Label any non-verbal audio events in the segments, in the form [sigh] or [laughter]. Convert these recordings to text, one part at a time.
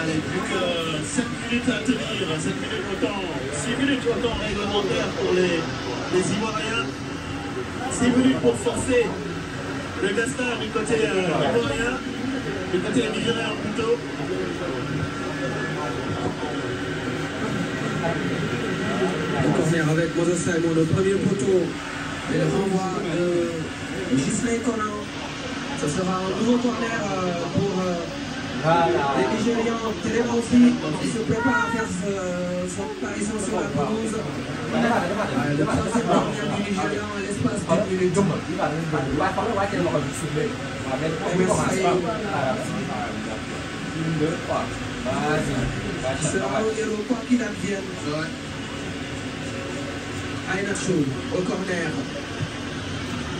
Allez, plus que 7 minutes à tenir, 7 minutes au temps, 6 minutes au temps réglementaire pour les, les Ivoiriens. 6 minutes pour forcer le Gastar du côté euh, ivoirien, du côté nigérien plutôt. Le corner avec Moses Simon, le premier poteau et le renvoi de Gisley Conan. Ce sera un nouveau corner euh, pour. Euh, Voilà. Et puis je vais en Terre aussi, qui se prépare à faire euh, son apparition sur la pelouse. Le troisième partenaire du Nigérian à l'espace de minutes. Merci. Sera au héros quoi qu'il advienne. Aïna Chou, au corner.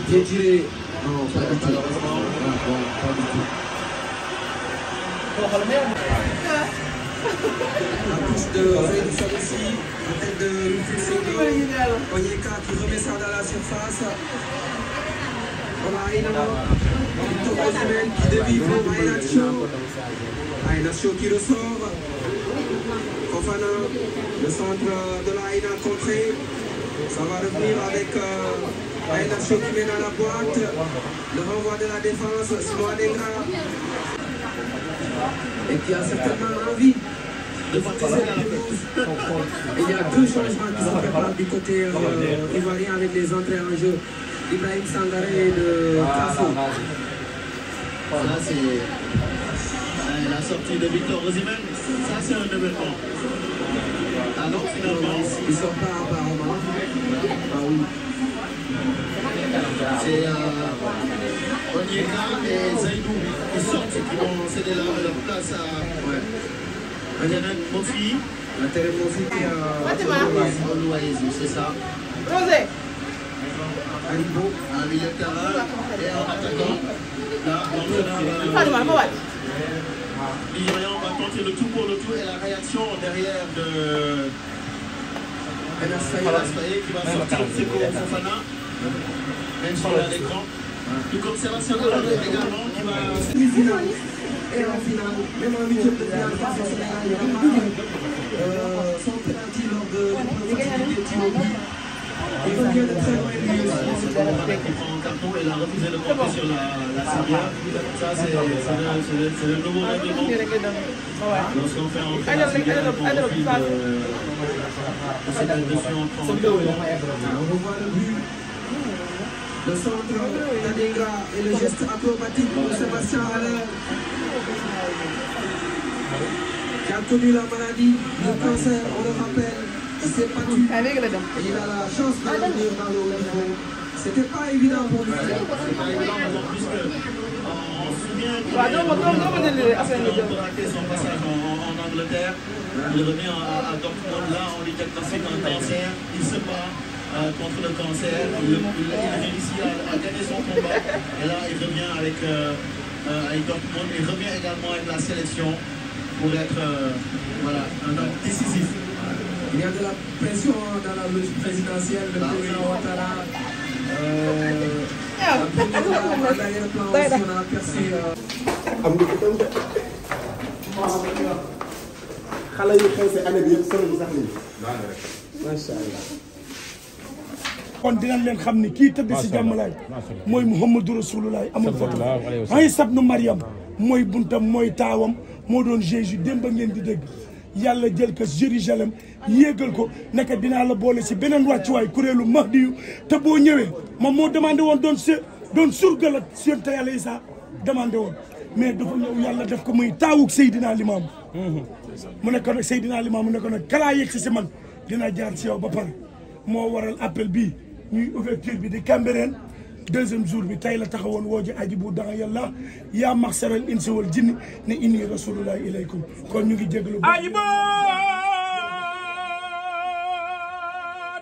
Bien tiré. Non, pas du tout. Pas du tout. touche de Zen Sanoussi, la tête de Rufus Seko, Onyeka qui la surface. Voilà, Aina, Victor Osimhen qui dévie pour Aina Cho. Aina Cho qui le sort. Fofana, le centre de la Aina contrée. Ça va revenir avec euh, Aina Cho qui la boîte. Le renvoi de la défense, Simon et qui a certainement envie de baptiser la pelouse. Il y a deux changements qui se préparent du côté euh, ivoirien avec les entrées en jeu d'Ibrahim Sangaré et de Kafou. Ça, c'est euh, la sortie de Victor Osimhen. Ça, c'est un événement. Ah non, finalement, ils ne sont pas apparemment. Ah oui. C'est. Euh, qui est là et Zaidou qui sortent qui vont céder leur, leur place à ouais. Internet Mofi. Internet Mofi à Olouaïsou, c'est ça. Rosé. Alibo, un milieu de terrain et un attaquant. Là, l'entraîneur. L'Iran va tenter le tout pour le tout et la réaction derrière de Enas Faye qui va sortir Seko Fofana. Même sur l'écran. du code sélectionneur également qui va finale et en finale, même en huitième de finale face au Sénégal, il y aura son penalty lors de l'opportunité Thiobi. Il revient de très loin lui aussi. Son carton, il a refusé de porter sur la, la Serbia. Ça, c'est le, le nouveau règlement. Lorsqu'on fait un penalty, on profite de cette agression. On revoit le but. le centre Tadinga et le geste acrobatique pour Sébastien Allaire qui a connu la maladie le cancer on le rappelle s'est battu et il a la chance de revenir dans le haut niveau c'était pas évident pour lui waaw doo ma doo ma déglu rek affaire bi son passage en Angleterre il revient à Dortmund là on lui diagnostique un cancer il se bat contre le cancer. il a réussi à, son combat. il revient avec, euh, euh, avec Dortmund. Il revient également avec la sélection pour être euh, voilà, un homme décisif. Il y a de la pression dans la loge présidentielle de président Ouattara. Ah, [laughs] xale yu xew si année bi yëpp solo bi sax nii. macha allah. kon dinañ leen xam ni kii tëdd si jàmmalaay mooy Muhammadu Rasulullaay amul foto Iisaa ibnu Maryam mooy buntam mooy taawam moo doon Jésus démb ngeen di dégg yàlla jël ko Jérusalem yéegal ko naka dinaa la boole si beneen wàccuwaay kuréelu Mahdi yu te boo ñëwee moom moo demandé woon doon se doon surgal ak seen te yàlla Iisaa woon mais dafa ñëw yàlla def ko muy taawug Seydina Limaam mu ne ko nag Seydina mu ne nag kalaa yegg si si man dina jaar si yow ba pare moo waral appel bii ñuy ouverture bi di Cambérène deuxième jour bi tey la taxawoon woo ji aji bu danga yàlla yaa maxsaral insi wal jinni ne inni rasulullah ilaykum kon ñu ngi jéglu aji bo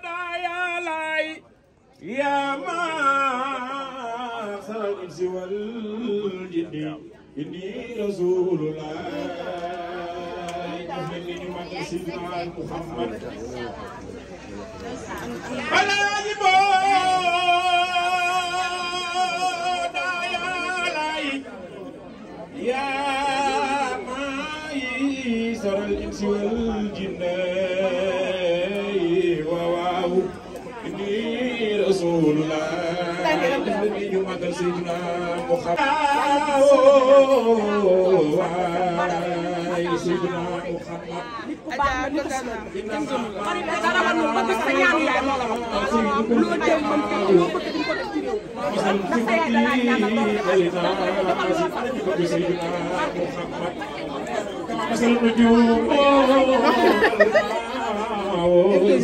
daayalaay yaa maxsaral insi wal jinni inni rasulullah Muhammad rasulullah nabi ñu màggal sayyidina Muhammad waay sayyidina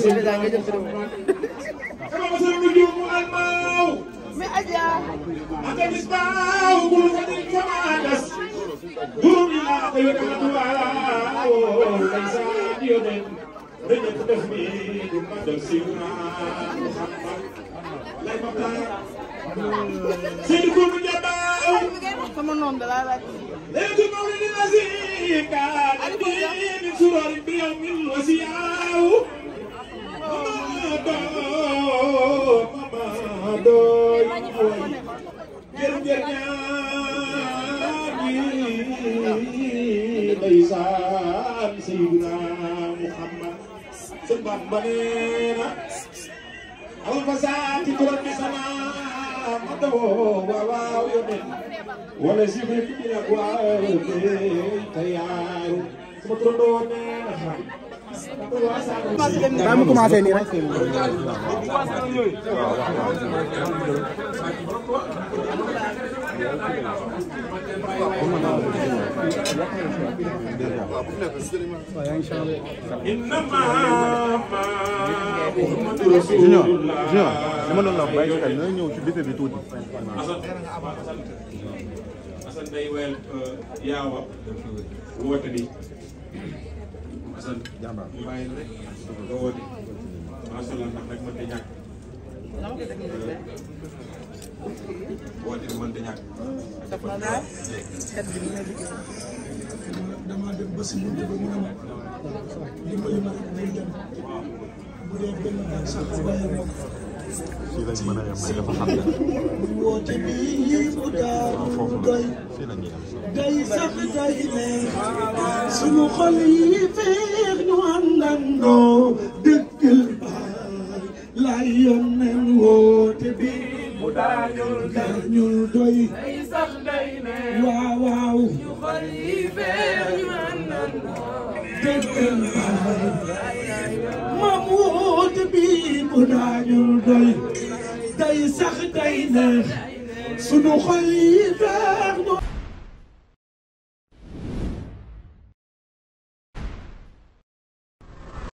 Muhammad هذا مصباح كل قدر تمادس دون لا يكاد ولا ليس يدين رجع تفيد مدرسنا محمد لا يبقى سيد كل جبا sama nom de la laaj léegi mawlid nasika adi min surar bi yawmin wasiyaw ma ba ma doy ma way ngir ngir ñaar ñi ndeysaan Seydina Muhammad sëñ Bamba nee na alfasaati turam bi salaam ma doo waaw yonen wala si bi nag waaw te yaaru sama turandoo nee na maa mu commencé nii rek. junior junior dama doon la bàyyi xel na ñëw ci bébé bi tuuti. Assane day wel yaawa woote bi. Assane jàmbaar mu bàyyi la rek nga woote macha allah ndax rek mënta ñàkk euh, woote bi mënta ñàkk dama dem ba si mun ba mu am dimbali ma rek day dem bu dee benn sax bàyyi ma ko fii lañ mën a yem rek dafa xam ne foofu la fii la ñuy yem. sunu xol yi feex ñu àndandoo dëkkal la mu dañul doy. ku daañu doy day sax day neex sunu xol yi feex